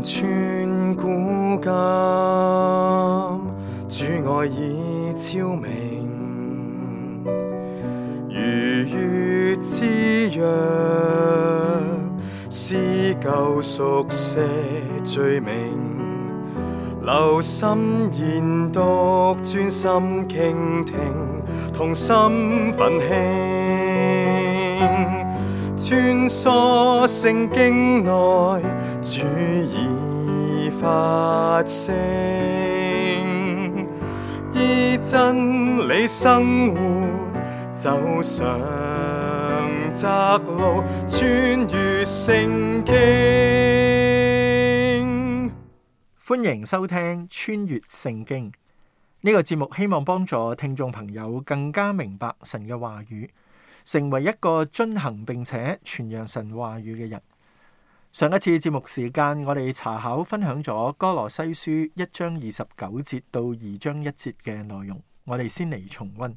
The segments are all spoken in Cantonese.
穿古今，主愛已昭明。如月之約，撕舊熟寫罪名。留心研讀，專心傾聽，同心奮興。穿梭聖經內，主已發聲，依真理生活，走上窄路，穿越聖經。歡迎收聽《穿越聖經》呢個節目，希望幫助聽眾朋友更加明白神嘅話語，成為一個遵行並且傳揚神話語嘅人。上一次節目時間，我哋查考分享咗《哥羅西書》一章二十九節到二章一節嘅內容。我哋先嚟重温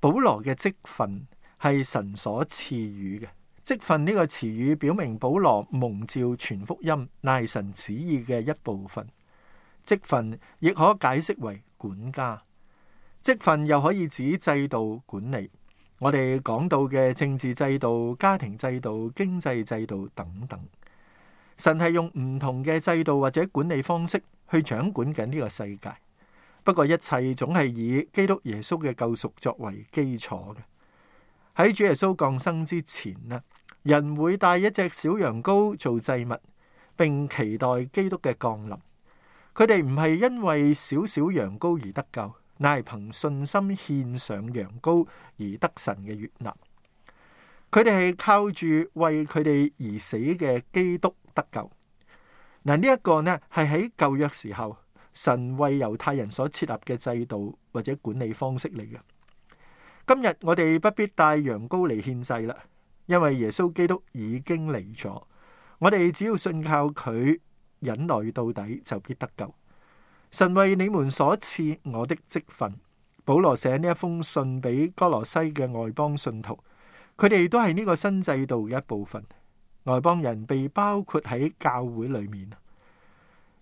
保羅嘅職分係神所賜予嘅職分。呢個詞語，表明保羅蒙召傳福音，乃神旨意嘅一部分。職分亦可解釋為管家，職分又可以指制度管理，我哋講到嘅政治制度、家庭制度、經濟制度等等，神係用唔同嘅制度或者管理方式去掌管緊呢個世界。不過一切總係以基督耶穌嘅救贖作爲基礎嘅。喺主耶穌降生之前呢，人會帶一隻小羊羔做祭物，並期待基督嘅降臨。佢哋唔係因爲小小羊羔而得救。乃係憑信心獻上羊羔而得神嘅悅納，佢哋係靠住為佢哋而死嘅基督得救。嗱，呢一個呢係喺舊約時候神為猶太人所設立嘅制度或者管理方式嚟嘅。今日我哋不必帶羊羔嚟獻祭啦，因為耶穌基督已經嚟咗，我哋只要信靠佢忍耐到底就必得救。神為你們所賜我的職分，保羅寫呢一封信俾哥羅西嘅外邦信徒，佢哋都係呢個新制度嘅一部分，外邦人被包括喺教會裏面，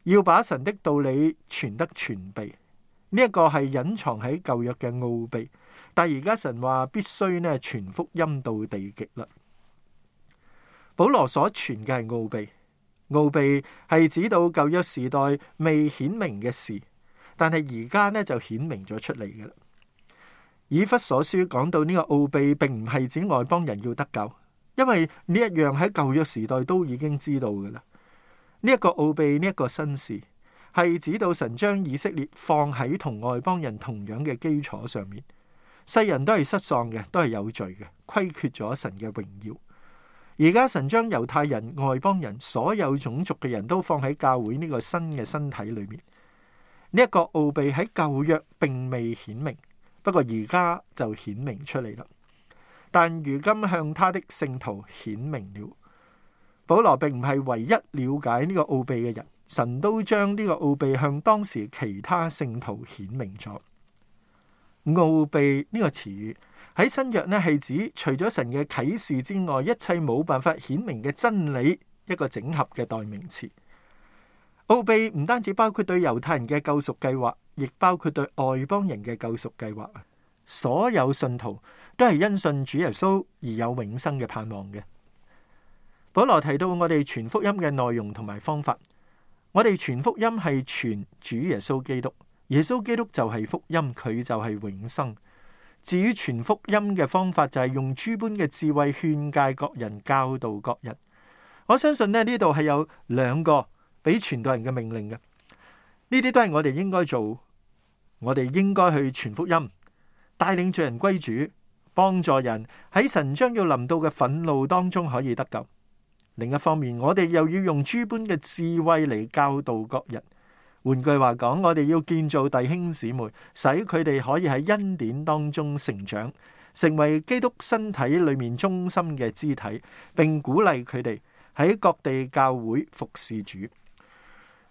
要把神的道理傳得全備。呢、這、一個係隱藏喺舊約嘅奧秘，但而家神話必須呢傳福音到地極嘞。保羅所傳嘅係奧秘。奧秘係指到舊約時代未顯明嘅事，但係而家呢就顯明咗出嚟嘅啦。以弗所書講到呢個奧秘並唔係指外邦人要得救，因為呢一樣喺舊約時代都已經知道嘅啦。呢、這、一個奧秘，呢一個新事，係指到神將以色列放喺同外邦人同樣嘅基礎上面，世人都係失喪嘅，都係有罪嘅，虧缺咗神嘅榮耀。而家神將猶太人、外邦人、所有種族嘅人都放喺教會呢個新嘅身體裏面。呢一個奧秘喺舊約並未顯明，不過而家就顯明出嚟啦。但如今向他的聖徒顯明了。保羅並唔係唯一了解呢個奧秘嘅人，神都將呢個奧秘向當時其他聖徒顯明咗。奧秘呢個詞語。喺新約呢，係指除咗神嘅啟示之外，一切冇辦法顯明嘅真理，一個整合嘅代名詞。奧秘唔單止包括對猶太人嘅救贖計劃，亦包括對外邦人嘅救贖計劃，所有信徒都係因信主耶穌而有永生嘅盼望嘅。保羅提到我哋傳福音嘅內容同埋方法，我哋傳福音係傳主耶穌基督，耶穌基督就係福音，佢就係永生。至於傳福音嘅方法就係用諸般嘅智慧勸誡各人，教導各人。我相信咧，呢度係有兩個俾傳道人嘅命令嘅，呢啲都係我哋應該做，我哋應該去傳福音，帶領罪人歸主，幫助人喺神將要臨到嘅憤怒當中可以得救。另一方面，我哋又要用諸般嘅智慧嚟教導各人。換句話講，我哋要建造弟兄姊妹，使佢哋可以喺恩典當中成長，成為基督身體裏面中心嘅肢體，並鼓勵佢哋喺各地教會服侍主。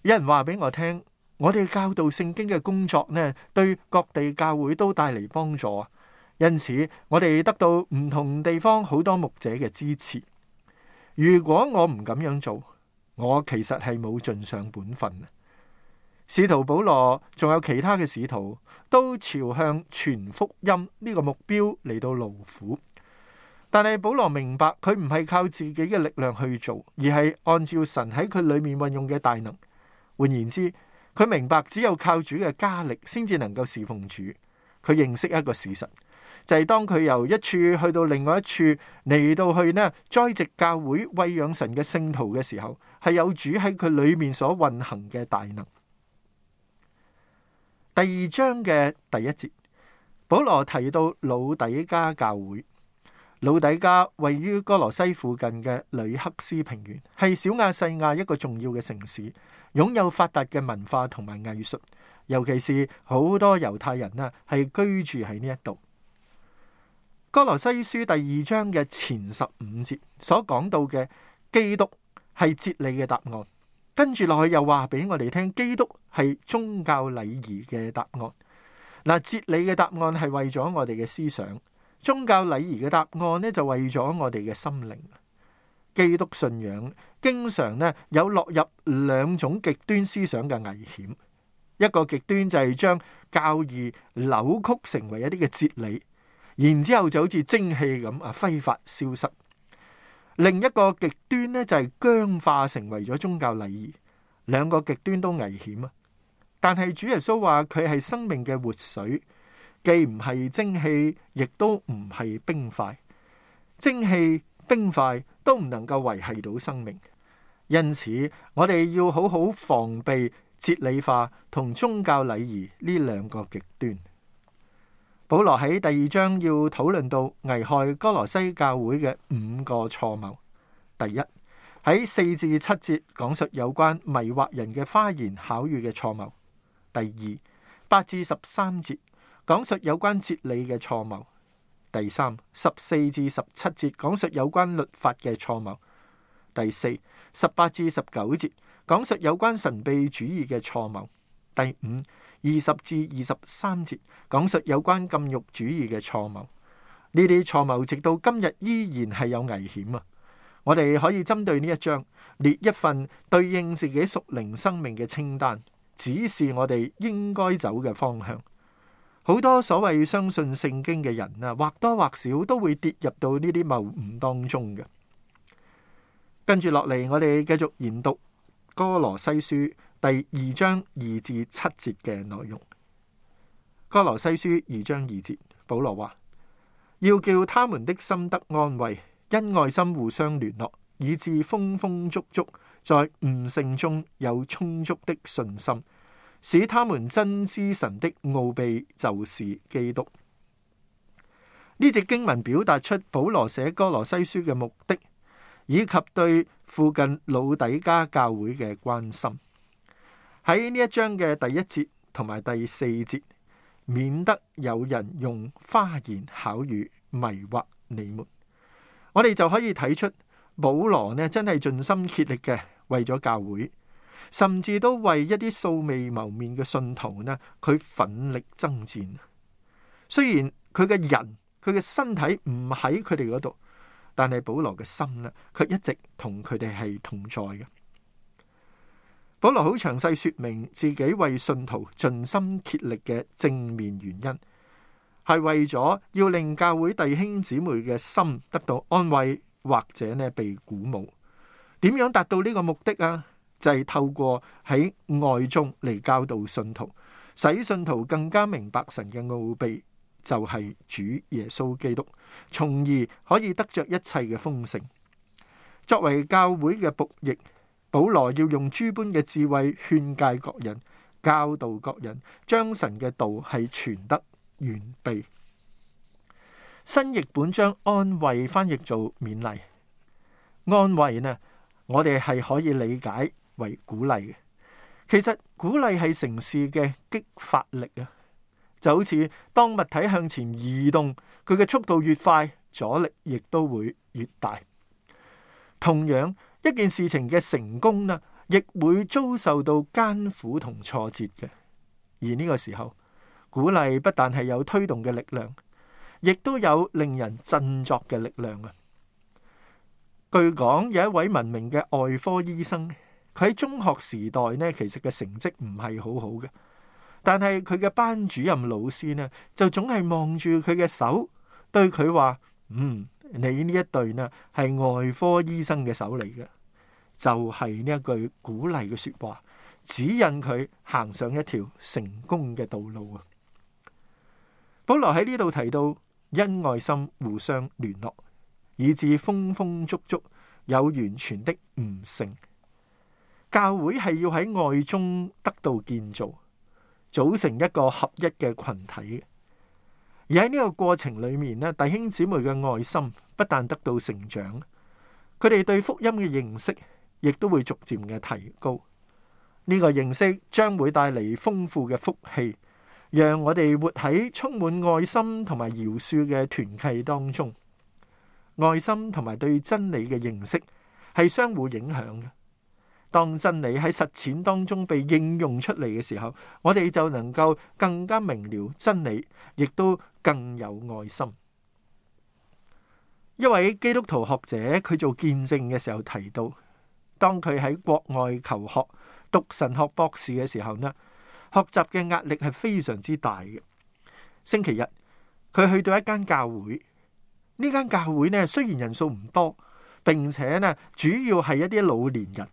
有人話俾我聽，我哋教導聖經嘅工作呢，對各地教會都帶嚟幫助，因此我哋得到唔同地方好多牧者嘅支持。如果我唔咁樣做，我其實係冇盡上本分。使徒保羅仲有其他嘅使徒都朝向傳福音呢個目標嚟到勞苦，但係保羅明白佢唔係靠自己嘅力量去做，而係按照神喺佢裏面運用嘅大能。換言之，佢明白只有靠主嘅加力，先至能夠侍奉主。佢認識一個事實，就係、是、當佢由一處去到另外一處嚟到去呢栽植教會、餵養神嘅聖徒嘅時候，係有主喺佢裏面所運行嘅大能。第二章嘅第一節，保羅提到老底加教會。老底加位於歌羅西附近嘅呂克斯平原，係小亞細亞一個重要嘅城市，擁有發達嘅文化同埋藝術，尤其是好多猶太人啊係居住喺呢一度。歌羅西書第二章嘅前十五節所講到嘅基督係哲理嘅答案。跟住落去又話俾我哋聽，基督係宗教禮儀嘅答案。嗱，哲理嘅答案係為咗我哋嘅思想，宗教禮儀嘅答案咧就為咗我哋嘅心靈。基督信仰經常咧有落入兩種極端思想嘅危險。一個極端就係將教義扭曲成為一啲嘅哲理，然之後就好似蒸氣咁啊揮發消失。另一個極端呢，就係僵化，成為咗宗教禮儀。兩個極端都危險啊！但係主耶穌話佢係生命嘅活水，既唔係蒸汽，亦都唔係冰塊。蒸汽、冰塊都唔能夠維係到生命，因此我哋要好好防備哲理化同宗教禮儀呢兩個極端。保羅喺第二章要討論到危害哥羅西教會嘅五個錯謬。第一，喺四至七節講述有關迷惑人嘅花言巧語嘅錯謬。第二，八至十三節講述有關哲理嘅錯謬。第三，十四至十七節講述有關律法嘅錯謬。第四，十八至十九節講述有關神秘主義嘅錯謬。第五，二十至二十三節講述有關禁慾主義嘅錯謬，呢啲錯謬直到今日依然係有危險啊！我哋可以針對呢一章列一份對應自己屬靈生命嘅清單，指示我哋應該走嘅方向。好多所謂相信聖經嘅人啊，或多或少都會跌入到呢啲謬誤當中嘅。跟住落嚟，我哋繼續研讀歌羅西書。第二章二至七節嘅內容，《歌羅西書》二章二節，保羅話，要叫他們的心得安慰，因愛心互相聯絡，以致豐豐足足，在悟性中有充足的信心，使他們真知神的奧秘，就是基督。呢隻經文表達出保羅寫《歌羅西書》嘅目的，以及對附近老底嘉教會嘅關心。喺呢一章嘅第一節同埋第四節，免得有人用花言巧語迷惑你們，我哋就可以睇出保羅呢真係盡心竭力嘅為咗教會，甚至都為一啲素未謀面嘅信徒呢，佢奮力爭戰。雖然佢嘅人、佢嘅身體唔喺佢哋嗰度，但係保羅嘅心呢，卻一直同佢哋係同在嘅。保羅好詳細說明自己為信徒盡心竭力嘅正面原因，係為咗要令教會弟兄姊妹嘅心得到安慰，或者呢被鼓舞。點樣達到呢個目的啊？就係透過喺愛中嚟教導信徒，使信徒更加明白神嘅奧秘，就係主耶穌基督，從而可以得着一切嘅豐盛。作為教會嘅僕役。保羅要用諸般嘅智慧勸誡各人、教導各人，將神嘅道係傳得完備。新譯本將安慰翻譯做勉勵，安慰呢，我哋係可以理解為鼓勵嘅。其實鼓勵係城市嘅激發力啊，就好似當物體向前移動，佢嘅速度越快，阻力亦都會越大。同樣，一件事情嘅成功呢，亦會遭受到艱苦同挫折嘅。而呢個時候，鼓勵不但係有推動嘅力量，亦都有令人振作嘅力量啊！據講有一位聞名嘅外科醫生，佢喺中學時代呢，其實嘅成績唔係好好嘅，但係佢嘅班主任老師呢，就總係望住佢嘅手，對佢話：「嗯，你呢一對呢係外科醫生嘅手嚟嘅。就係呢一句鼓勵嘅說話，指引佢行上一條成功嘅道路啊。保羅喺呢度提到，因愛心互相聯絡，以致豐豐足足有完全的悟性。教會係要喺愛中得到建造，組成一個合一嘅群體。而喺呢個過程裏面呢，弟兄姊妹嘅愛心不但得到成長，佢哋對福音嘅認識。亦都會逐漸嘅提高。呢個認識，將會帶嚟豐富嘅福氣，讓我哋活喺充滿愛心同埋饒恕嘅團契當中。愛心同埋對真理嘅認識係相互影響嘅。當真理喺實踐當中被應用出嚟嘅時候，我哋就能夠更加明了真理，亦都更有愛心。一位基督徒學者，佢做見證嘅時候提到，當佢喺國外求學讀神學博士嘅時候呢，學習嘅壓力係非常之大嘅。星期日佢去到一間教會，呢間教會呢雖然人數唔多，並且呢主要係一啲老年人，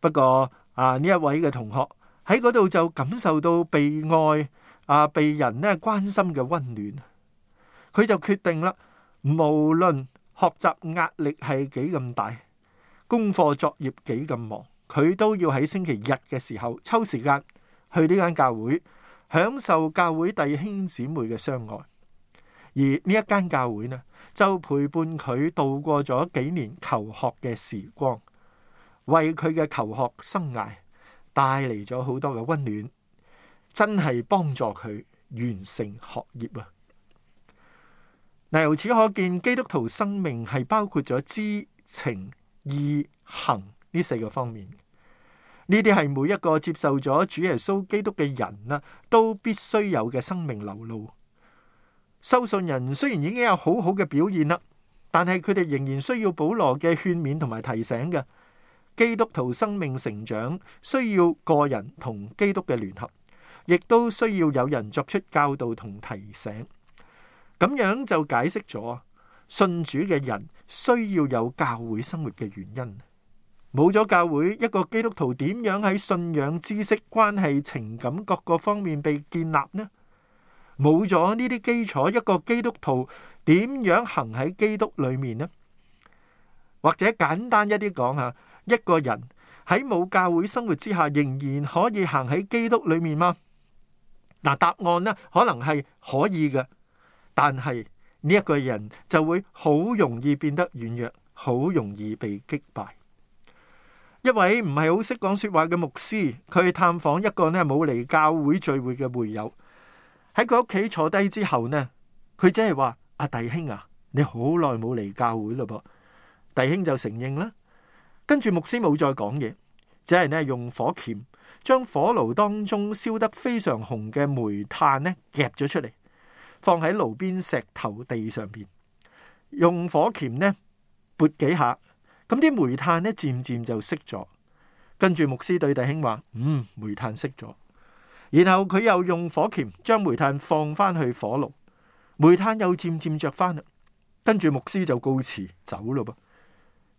不過啊呢一位嘅同學喺嗰度就感受到被愛啊，被人呢關心嘅溫暖，佢就決定啦，無論學習壓力係幾咁大。功課作業幾咁忙，佢都要喺星期日嘅時候抽時間去呢間教會享受教會弟兄姊妹嘅相愛。而呢一間教會呢就陪伴佢度過咗幾年求學嘅時光，為佢嘅求學生涯帶嚟咗好多嘅溫暖，真係幫助佢完成學業啊！嗱，由此可見基督徒生命係包括咗知情。義行呢四個方面，呢啲係每一個接受咗主耶穌基督嘅人啦，都必須有嘅生命流露。收信人雖然已經有好好嘅表現啦，但係佢哋仍然需要保羅嘅勸勉同埋提醒嘅。基督徒生命成長需要個人同基督嘅聯合，亦都需要有人作出教導同提醒。咁樣就解釋咗信主嘅人。需要有教會生活嘅原因，冇咗教會，一個基督徒點樣喺信仰、知識、關係、情感各個方面被建立呢？冇咗呢啲基礎，一個基督徒點樣行喺基督裏面呢？或者簡單一啲講下，一個人喺冇教會生活之下，仍然可以行喺基督裏面嗎？嗱，答案呢，可能係可以嘅，但係。呢一個人就會好容易變得軟弱，好容易被擊敗。一位唔係好識講說話嘅牧師，佢去探訪一個呢，冇嚟教會聚會嘅會友，喺佢屋企坐低之後呢，佢只係話：阿、啊、弟兄啊，你好耐冇嚟教會喇噃。弟兄就承認啦，跟住牧師冇再講嘢，只係呢，用火鉗將火爐當中燒得非常紅嘅煤炭呢，夾咗出嚟。放喺爐邊石頭地上邊，用火鉗呢撥幾下，咁啲煤炭呢漸漸就熄咗。跟住牧師對弟兄話：嗯，煤炭熄咗。然後佢又用火鉗將煤炭放翻去火爐，煤炭又漸漸着翻啦。跟住牧師就告辭走咯噃。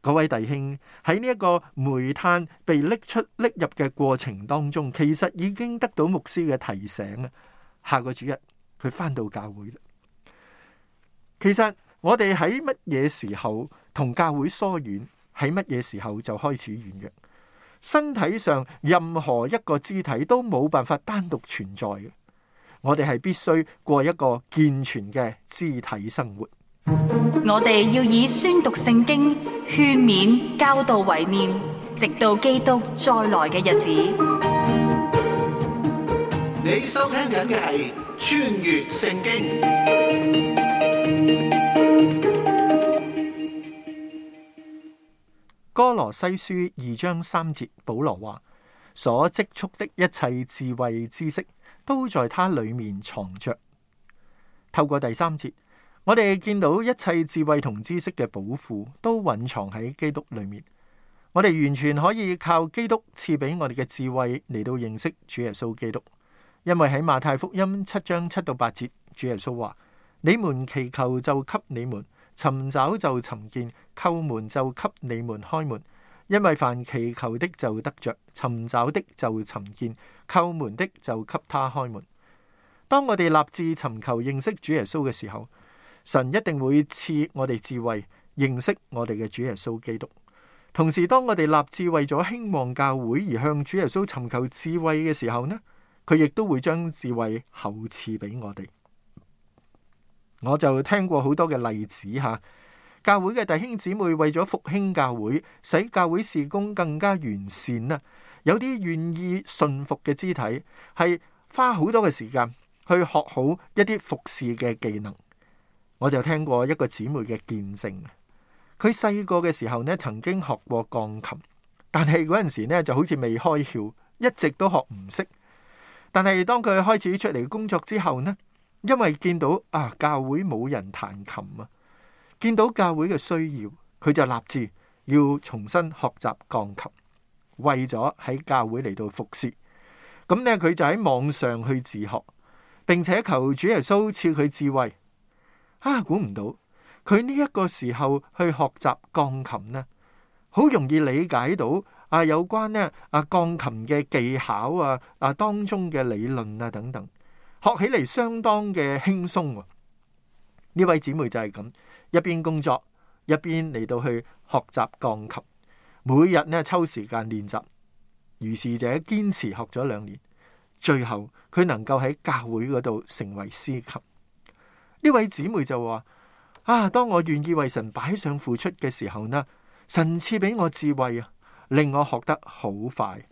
嗰位弟兄喺呢一個煤炭被拎出拎入嘅過程當中，其實已經得到牧師嘅提醒啊！下個主日。佢返到教會啦。其實我哋喺乜嘢時候同教會疏遠，喺乜嘢時候就開始軟弱。身體上任何一個肢體都冇辦法單獨存在嘅，我哋係必須過一個健全嘅肢體生活。我哋要以宣讀聖經、勸勉、教導為念，直到基督再來嘅日子。你收聽緊嘅係。穿越聖經，歌羅西書二章三節，保羅話：所積蓄的一切智慧知識，都在他裏面藏着。透過第三節，我哋見到一切智慧同知識嘅寶庫，都蘊藏喺基督裏面。我哋完全可以靠基督賜俾我哋嘅智慧，嚟到認識主耶穌基督。因為喺馬太福音七章七到八節，主耶穌話：你們祈求就給你們，尋找就尋見，叩門就給你們開門。因為凡祈求的就得着，尋找的就尋見，叩門的就給他開門。當我哋立志尋求認識主耶穌嘅時候，神一定會賜我哋智慧認識我哋嘅主耶穌基督。同時，當我哋立志為咗興旺教會而向主耶穌尋求智慧嘅時候呢？佢亦都會將智慧厚賜俾我哋。我就聽過好多嘅例子吓，教會嘅弟兄姊妹為咗復興教會，使教會事工更加完善咧，有啲願意順服嘅肢體係花好多嘅時間去學好一啲服侍嘅技能。我就聽過一個姊妹嘅見證，佢細個嘅時候咧，曾經學過鋼琴，但係嗰陣時咧就好似未開竅，一直都學唔識。但係當佢開始出嚟工作之後呢，因為見到啊教會冇人彈琴啊，見到教會嘅需要，佢就立志要重新學習鋼琴，為咗喺教會嚟到服侍，咁呢，佢就喺網上去自學，並且求主耶穌賜佢智慧。啊，估唔到佢呢一個時候去學習鋼琴呢，好容易理解到。啊，有關呢啊鋼琴嘅技巧啊，啊當中嘅理論啊等等，學起嚟相當嘅輕鬆。呢位姐妹就係咁一邊工作，一邊嚟到去學習鋼琴，每日呢抽時間練習。於是者堅持學咗兩年，最後佢能夠喺教會嗰度成為司琴。呢位姐妹就話：啊，當我願意為神擺上付出嘅時候呢，神賜俾我智慧啊！令我學得好快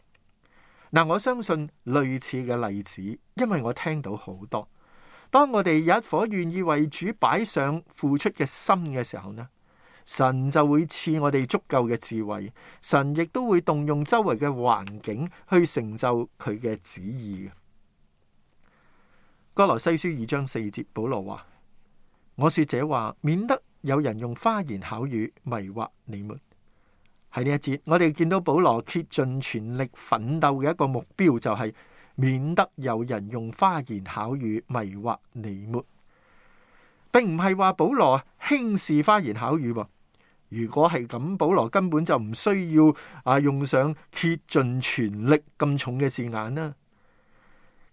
嗱。我相信類似嘅例子，因為我聽到好多。當我哋有一顆願意為主擺上付出嘅心嘅時候呢，神就會賜我哋足夠嘅智慧。神亦都會動用周圍嘅環境去成就佢嘅旨意嘅。歌羅西書二章四節，保羅話：「我說這話，免得有人用花言巧語迷惑你們」。喺呢一節，我哋見到保羅竭盡全力奮鬥嘅一個目標，就係免得有人用花言巧語迷惑你們，並唔係話保羅輕視花言巧語。如果係咁，保羅根本就唔需要啊用上竭盡全力咁重嘅字眼啦。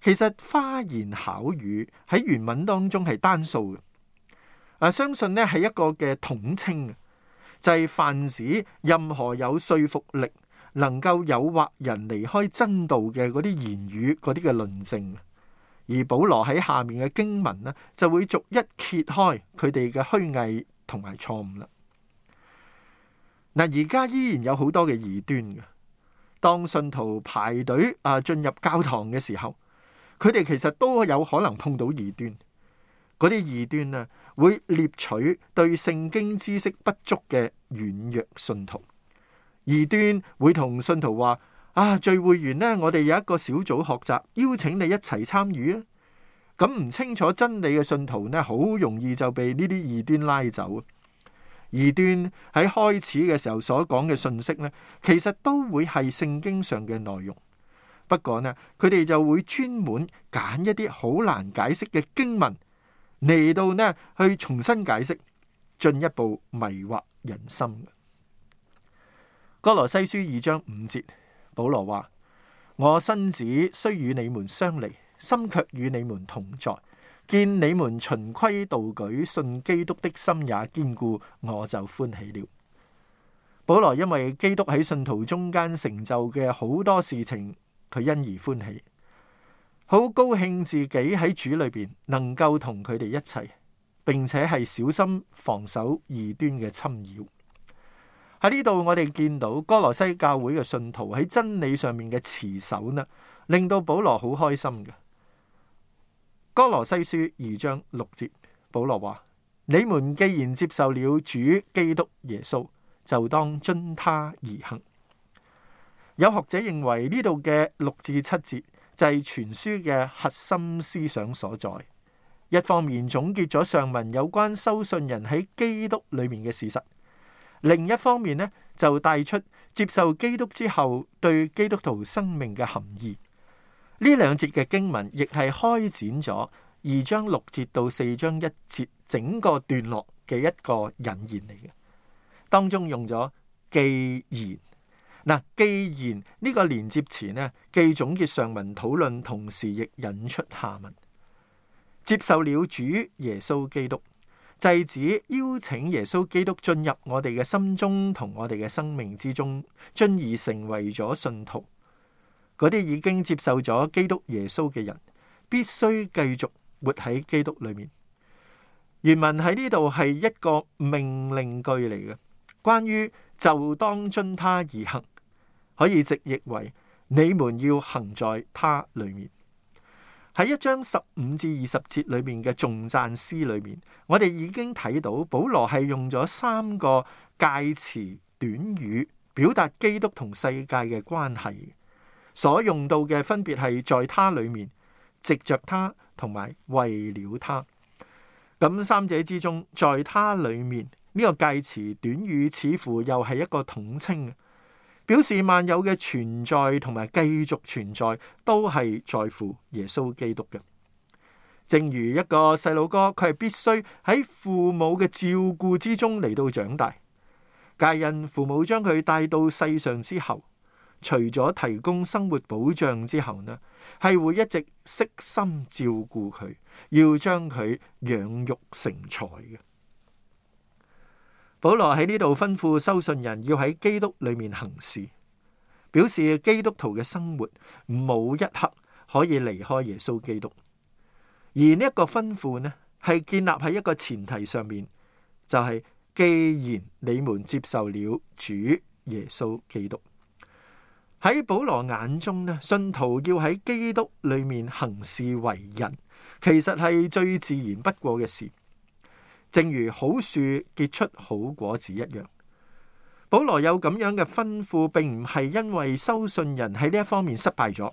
其實花言巧語喺原文當中係單數嘅，啊，相信呢係一個嘅統稱。就係泛指任何有說服力、能夠誘惑人離開真道嘅嗰啲言語、嗰啲嘅論證。而保羅喺下面嘅經文呢，就會逐一揭開佢哋嘅虛偽同埋錯誤啦。嗱，而家依然有好多嘅疑端嘅。當信徒排隊啊進入教堂嘅時候，佢哋其實都有可能碰到異端。嗰啲異端啊～會獵取對聖經知識不足嘅軟弱信徒，異端會同信徒話：啊，聚會完呢，我哋有一個小組學習，邀請你一齊參與啊！咁唔清楚真理嘅信徒呢，好容易就被呢啲異端拉走啊！異端喺開始嘅時候所講嘅信息呢，其實都會係聖經上嘅內容，不過呢，佢哋就會專門揀一啲好難解釋嘅經文。嚟到呢，去重新解釋，進一步迷惑人心。歌羅西書二章五節，保羅話：我身子雖與你們相離，心卻與你們同在。見你們循規蹈矩，信基督的心也堅固，我就歡喜了。保羅因為基督喺信徒中間成就嘅好多事情，佢因而歡喜。好高興自己喺主裏邊能夠同佢哋一齊，並且係小心防守異端嘅侵擾。喺呢度我哋見到哥羅西教會嘅信徒喺真理上面嘅持守呢，令到保羅好開心嘅。哥羅西書二章六節，保羅話：你們既然接受了主基督耶穌，就當遵他而行。有學者認為呢度嘅六至七節。就係全書嘅核心思想所在，一方面總結咗上文有關收信人喺基督裏面嘅事實，另一方面呢，就帶出接受基督之後對基督徒生命嘅含義。呢兩節嘅經文亦係開展咗二章六節到四章一節整個段落嘅一個引言嚟嘅，當中用咗既然。嗱，既然呢個連接詞呢，既總結上文討論，同時亦引出下文。接受了主耶穌基督，制止邀請耶穌基督進入我哋嘅心中同我哋嘅生命之中，進而成為咗信徒。嗰啲已經接受咗基督耶穌嘅人，必須繼續活喺基督裏面。原文喺呢度係一個命令句嚟嘅，關於就當遵他而行。可以直譯為你們要行在他裏面。喺一章十五至二十節裏面嘅頌讚詩裏面，我哋已經睇到保羅係用咗三個介詞短語表達基督同世界嘅關係。所用到嘅分別係在他裏面、藉着他同埋為了他。咁三者之中，在他裏面呢，這個介詞短語似乎又係一個統稱。表示萬有嘅存在同埋繼續存在都係在乎耶穌基督嘅，正如一個細路哥，佢係必須喺父母嘅照顧之中嚟到長大，皆因父母將佢帶到世上之後，除咗提供生活保障之後呢，係會一直悉心照顧佢，要將佢養育成才嘅。保羅喺呢度吩咐收信人要喺基督裏面行事，表示基督徒嘅生活冇一刻可以離開耶穌基督。而呢一個吩咐呢，係建立喺一個前提上面，就係既然你們接受了主耶穌基督，喺保羅眼中呢，信徒要喺基督裏面行事為人，其實係最自然不過嘅事。正如好樹結出好果子一樣，保羅有咁樣嘅吩咐，並唔係因為收信人喺呢一方面失敗咗。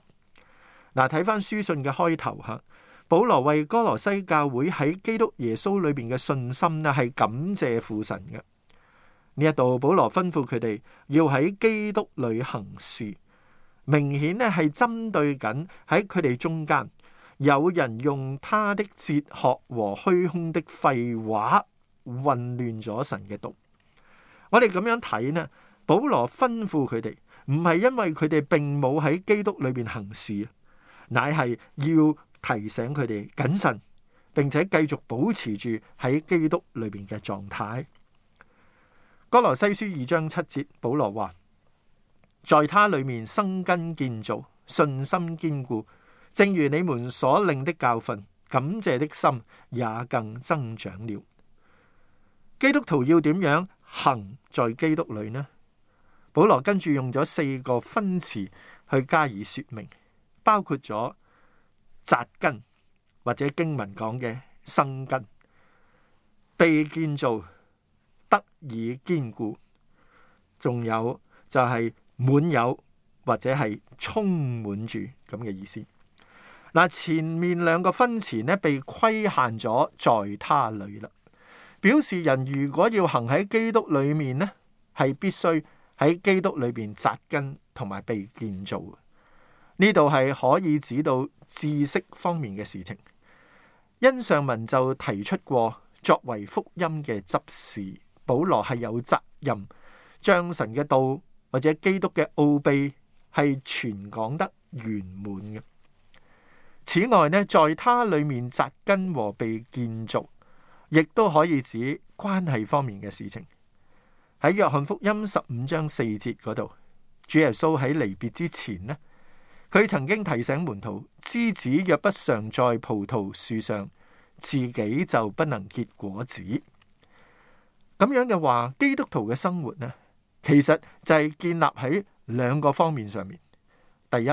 嗱，睇翻書信嘅開頭吓，保羅為哥羅西教會喺基督耶穌裏邊嘅信心呢，係感謝父神嘅。呢一度保羅吩咐佢哋要喺基督裏行事，明顯呢係針對緊喺佢哋中間。有人用他的哲學和虛空的廢話混亂咗神嘅道。我哋咁樣睇呢，保羅吩咐佢哋，唔係因為佢哋並冇喺基督裏邊行事，乃係要提醒佢哋謹慎，並且繼續保持住喺基督裏面嘅狀態。哥羅西書二章七節，保羅話：在祂裏面生根建造，信心堅固。正如你們所領的教訓，感謝的心也更增長了。基督徒要點樣行在基督裏呢？保羅跟住用咗四個分詞去加以說明，包括咗紮根或者經文講嘅生根、被建造、得以堅固，仲有就係滿有或者係充滿住咁嘅意思。嗱，前面兩個分詞呢，被規限咗在他裏啦，表示人如果要行喺基督裏面呢，係必須喺基督裏邊扎根同埋被建造。呢度係可以指到知識方面嘅事情。殷尚文就提出過，作為福音嘅執事，保羅係有責任將神嘅道或者基督嘅奧秘係全講得圓滿嘅。此外呢，在他裏面扎根和被建造，亦都可以指關係方面嘅事情。喺約翰福音十五章四節嗰度，主耶穌喺離別之前呢，佢曾經提醒門徒：枝子若不常在葡萄樹上，自己就不能結果子。咁樣嘅話，基督徒嘅生活呢，其實就係建立喺兩個方面上面。第一，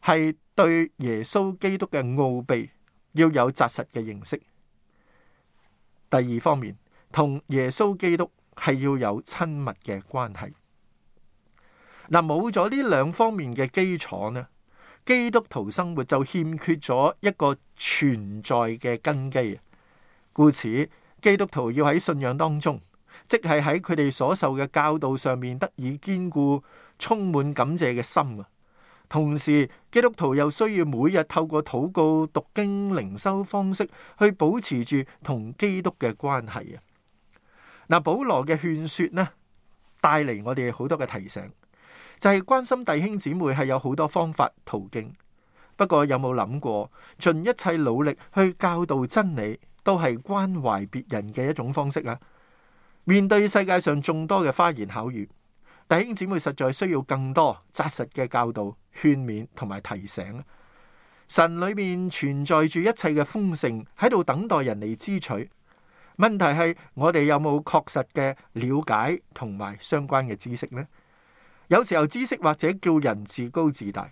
係。對耶穌基督嘅奧秘要有紮實嘅認識。第二方面，同耶穌基督係要有親密嘅關係。嗱，冇咗呢兩方面嘅基礎呢，基督徒生活就欠缺咗一個存在嘅根基。故此，基督徒要喺信仰當中，即係喺佢哋所受嘅教導上面得以堅固，充滿感謝嘅心啊！同時，基督徒又需要每日透過禱告、讀經、靈修方式去保持住同基督嘅關係啊！嗱，保羅嘅勸説呢，帶嚟我哋好多嘅提醒，就係關心弟兄姊妹係有好多方法途徑。不過有冇諗過，盡一切努力去教導真理，都係關懷別人嘅一種方式啊！面對世界上眾多嘅花言巧語。弟兄姊妹實在需要更多扎實嘅教導、勸勉同埋提醒。神裏面存在住一切嘅豐盛，喺度等待人嚟支取。問題係我哋有冇確實嘅了解同埋相關嘅知識呢？有時候知識或者叫人自高自大，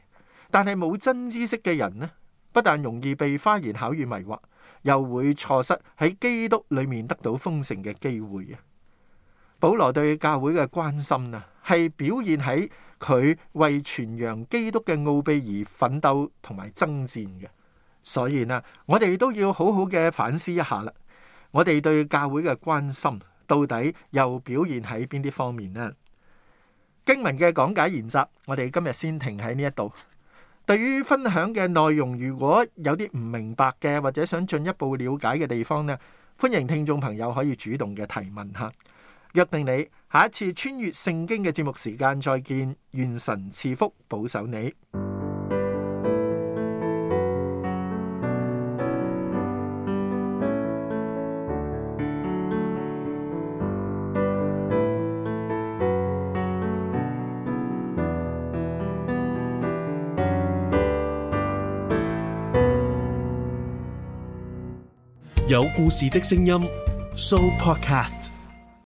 但係冇真知識嘅人呢，不但容易被花言巧語迷惑，又會錯失喺基督裏面得到豐盛嘅機會啊！保羅對教會嘅關心啊，係表現喺佢為傳揚基督嘅奧秘而奮鬥同埋爭戰嘅。所以呢，我哋都要好好嘅反思一下啦。我哋對教會嘅關心到底又表現喺邊啲方面呢？經文嘅講解研習，我哋今日先停喺呢一度。對於分享嘅內容，如果有啲唔明白嘅或者想進一步了解嘅地方呢，歡迎聽眾朋友可以主動嘅提問吓。約定你下一次穿越聖經嘅節目時間再見，願神賜福保守你。有故事的聲音，Sooo Podcast。